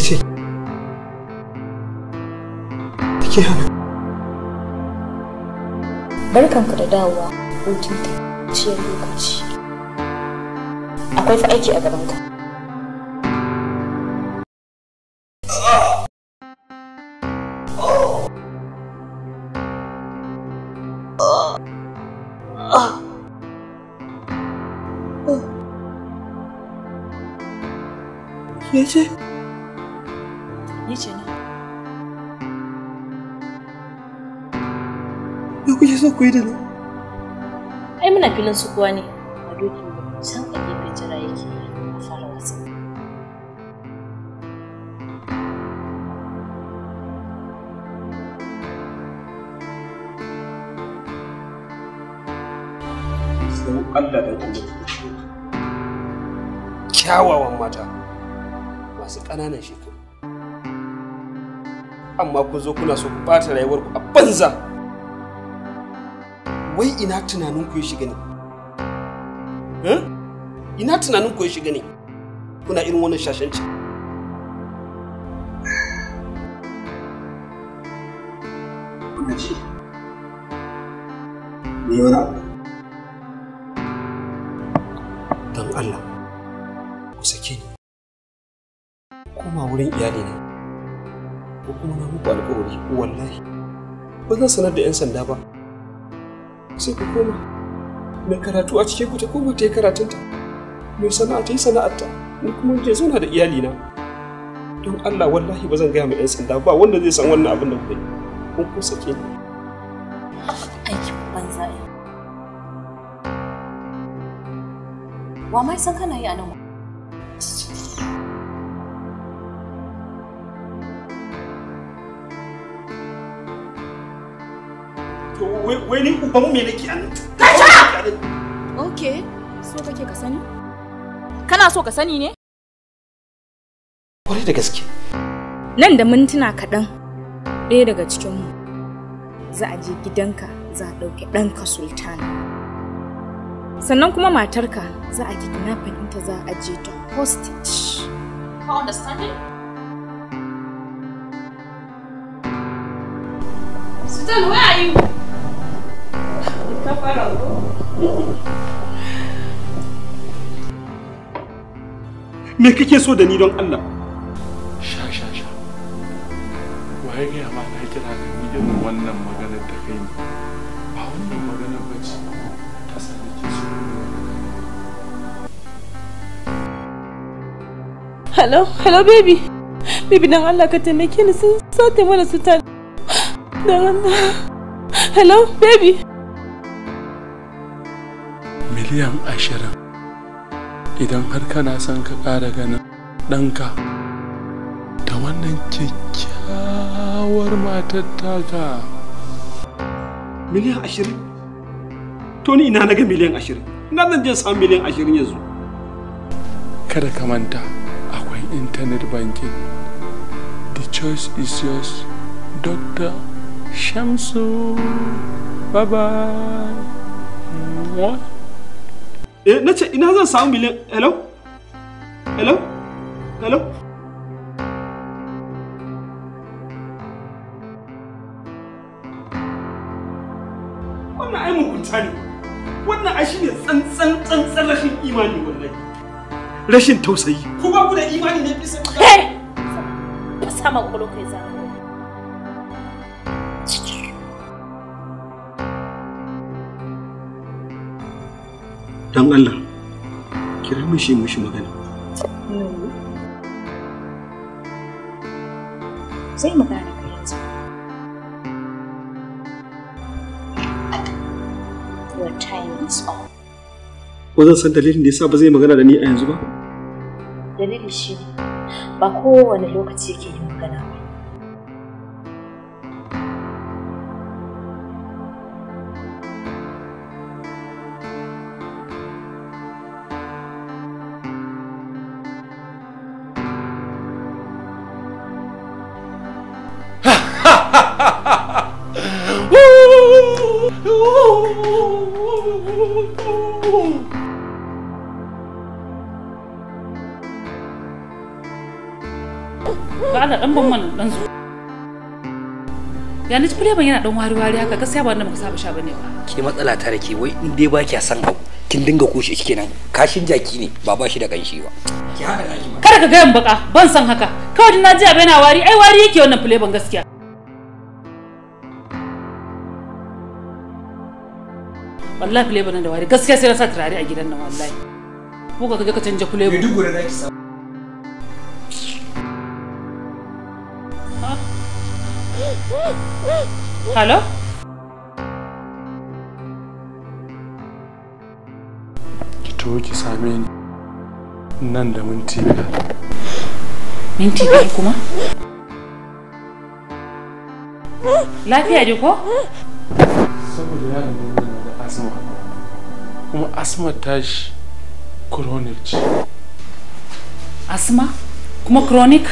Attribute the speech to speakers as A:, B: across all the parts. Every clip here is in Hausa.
A: ce take hana da dawowa hutun ta ciyar lokaci akwai fa aiki a gabanka Yeah, Niçin? Me kuke so ku yi da ni? Ai muna filin su kuwa ne a doki can a gefe jira yake a fara wasa. Allah da kuma kyawawan mata masu ƙananan shekaru. amma ku zo kuna so ku ɓata rayuwarku a banza wai ina ku ya shiga ne eh? ina ku ya shiga ne kuna irin wannan shashanci kuna ji me wani abu don Allah ku sake ni koma wurin iyali ne. ko kuma na muku alkawari wallahi ba zan sanar da 'yan sanda ba sai ku koma mai karatu a cikin ku ta koma ta yi karatunta mai sana'a ta yi sana'arta ni kuma je zauna da iyalina don Allah wallahi ba zan gaya mai 'yan sanda ba wanda zai san wannan abin da kuka yi kun kun sake ni aiki banza yi wa mai san kana yi a nan wai ni uban me nake an tashi ok so kake ka sani kana so ka sani ne kwarai da gaske nan da mintuna kaɗan ɗaya daga cikinmu za a je gidanka za a ɗauki ɗanka sultana sannan kuma matarka za a ji kinafin za a je ta hostage ka understanding Sultan, where are you? Me kake so da ni don Allah? Sha sha sha. Waye ne ma na kira ne ni irin wannan magana ta kai ni Ba wannan magana ba ce ta sani nake so. Hello, hello baby. Baby dan Allah ka taimake ni sun sata mana su ta. dan Allah. Hello baby. miliyan ashirin idan har kana son ka ƙara ganin ɗanka da wannan kyakkyawar matar taka miliyan ashirin to ni ina na ga miliyan ashirin ina zan je samu miliyan ashirin yanzu kada ka manta akwai internet banking the choice is yours dr shamsu bye bye What? eh na ce ina zan samu miliyan hello hello hello wannan ai mugunta ne wannan ai shine tsantsan tsantsan rashin imani wallahi rashin tausayi ku ba ku da imani ne bisa eh sama kai don Allah kira mishi mishi magana sai hmm. magana ka yanzu your time is up ko zan san dalilin da yasa ba zai magana da ni a yanzu ba dalilin shi ba kowane lokaci ke yin magana ba ya naji fule yana dan wari wari haka gaskiya ba wanda muka saba sha bane ba ke matsala ta rake wai in dai ba a san abu kin dinga kushi shi kenan kashin jaki ne ba ba shi da kanshi ba ki hada kanshi ba kada ka ga yan baka ban san haka kawai na naji abu yana wari ai wari yake wannan fule ban gaskiya wallahi fule ban da wari gaskiya sai na sa turare a gidan nan wallahi ko ka ga ka canja fule ba duk gure da ki Hello? Ki to ki same ni minti Minti kuma? Lafiya ji ko? Saboda yaron da yana da asma. Kuma asma tashi chronic ce. Asma? Kuma chronic?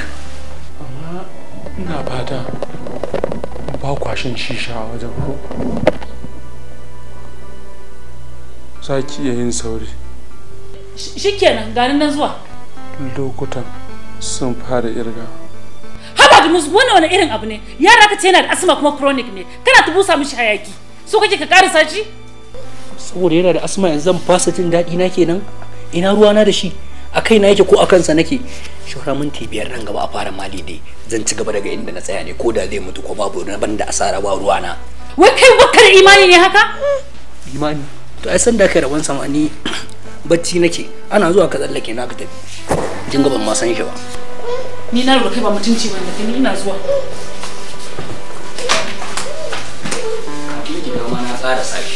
A: Amma ina fata kwashin shisha a wajen ku? za ki iya yin sauri shikenan ganin nan zuwa lokutan sun fara irga haba da musu wannan wani irin abu ne yara ka ce yana da asma kuma chronic ne kana ta busa mishi hayaki so kake ka karasa shi saboda yana da asma yanzu zan fasa jin daɗi na kenan ina ruwana da shi a kai na yake ko a kansa nake shawara minti biyar nan gaba a fara mali dai zan ci gaba daga inda na tsaya ne ko da zai mutu ko babu na banda asara ba ruwa na wai kai wakar imani ne haka imani to ai san da kai rabon sama ni bacci nake ana zuwa ka tsallake na ka tafi jin gaban ma san shi ba ni na rubuta ba mutunci ba da kai ina zuwa kafin ki na tsara sashi